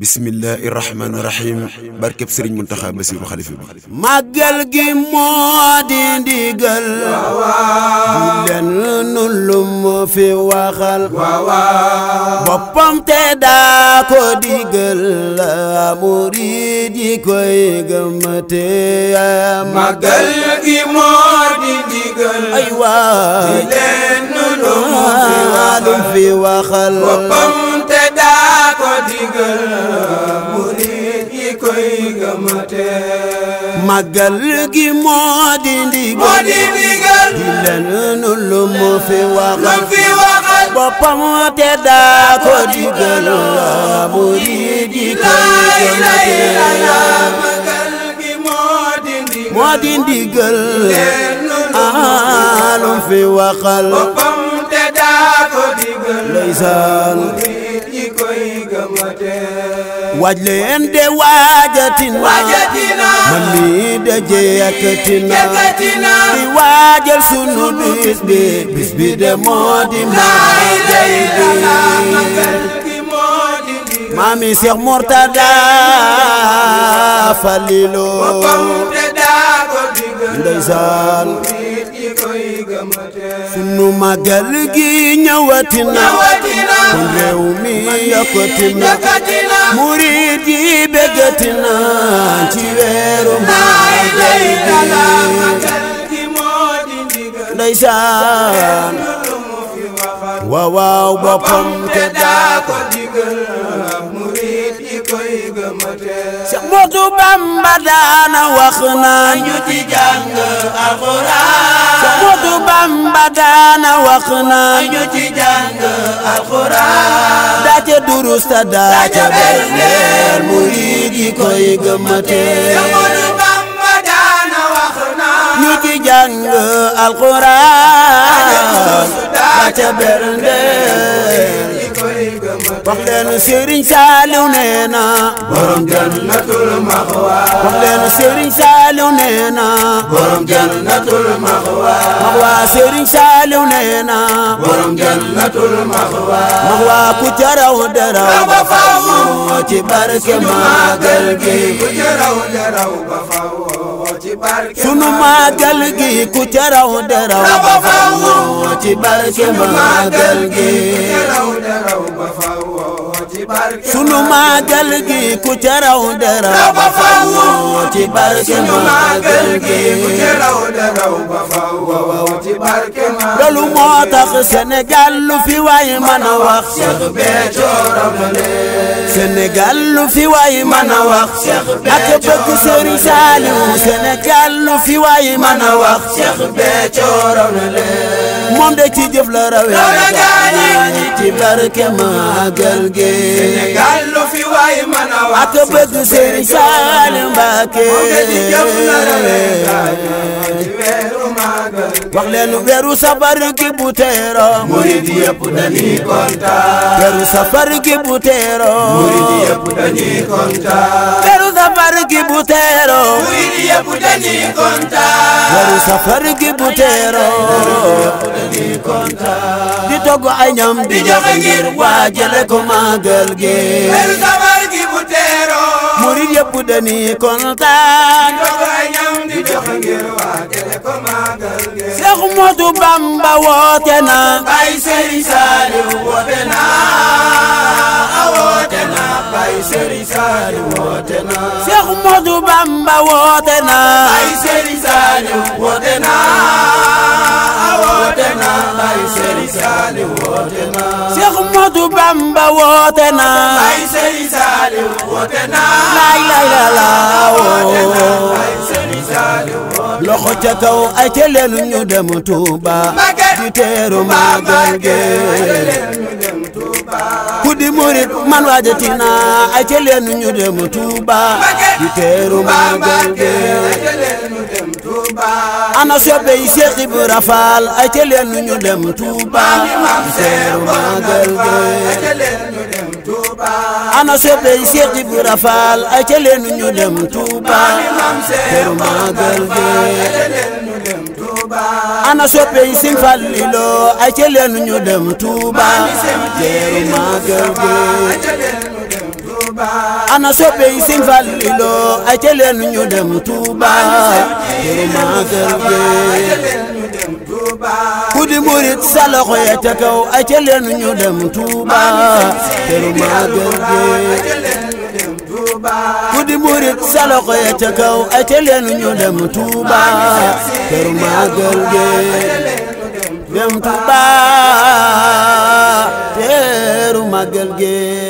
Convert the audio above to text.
بسم الله الرحمن الرحيم بارك بسرين منتخب بسير خليفة بي ما قل قمودين دي قل دولن نلوم في وخل بابام تدا كو دي قل مريدي كوي قمتي ما قل قمودين دي قل أيوة دولن نلوم في وخل بابام ko lu fi waxal boppam te daa ko digal murid yi waaj leen de waajatina man mii de jeekatina di waajal sunu bis bi bis bi de moo di magal bi maami Cheikh Mourtada Falilou ndeysaan sunu magal gi ñëwati na kon mi yokkati na murid yi bëggati na ci weeru magal gi ndeysaan waaw waaw boppam te daa ko digal murid yi koy Ahmadu Bamba daana wax naan ñu ci jàng alxuraan Ahmadu Bamba daana wax naan koy gëmatee Ahmadu Bamba daana wax wax leen Serigne Saliou nee na borom jannatul maxwa wax leen Serigne Saliou nee na borom jannatul maxwa maxwa Serigne Saliou nee na borom jannatul maxwa maxwa ku jaraw daraw ba faw ci barke magal gi ku jaraw daraw ba faw sunu màggal gi ku ca daraw ba faw sunu màggal gi ku ca raw ba faw ci barke màggal barke màggal loolu moo tax Sénégal lu fi waay mën a wax Cheikh Béthio Ramlee Sénégal lu fi waay mën a wax Cheikh Béthio ak bëgg moom de ci jëf la rawee gaañi ci barke màggal gi Sénégal lu fi waay mën a wax ak bëgg Serigne Saliou Mbacké moom de ci jëf la rawee gaañi weeru màggal wax leen weeru safar gi bu teeroo murid yëpp dañuy kontaan bu teeroo. yëpp dañuy kontaan. waru safar gi di togg ay ñam di joxe ngir waajale ko màggal gi. weru safar Bamba woote ay Sëriñ Saaliw woote woote na bay Serigne Sali woote na Cheikh Modou Bamba woote na bay Serigne la oh. ñu dem Touba di murit man waajati naa ay ca leen ñu dem Touba di teeru màggal gi ana soppe yi Seex Ibra Faal ay ca leen ñu dem Touba di teeru màggal gi ana soppe yi Seex Ibra Faal ay ca leen ñu dem Touba teeru màggal gi ana soppe yi sëñ Fallilu ay ca leen ñu dem Touba teeru màggal gi ana soppe yi sëñ Fallilu ay ca leen ñu dem Touba teeru màggal gi ku di murit sa loxo ya ca kaw ay ca leen ñu dem Touba teeru màggal gi burit sa loxo ya ca kaw ay te leen ñu dem Touba kër Magal ge dem Touba teeru Magal ge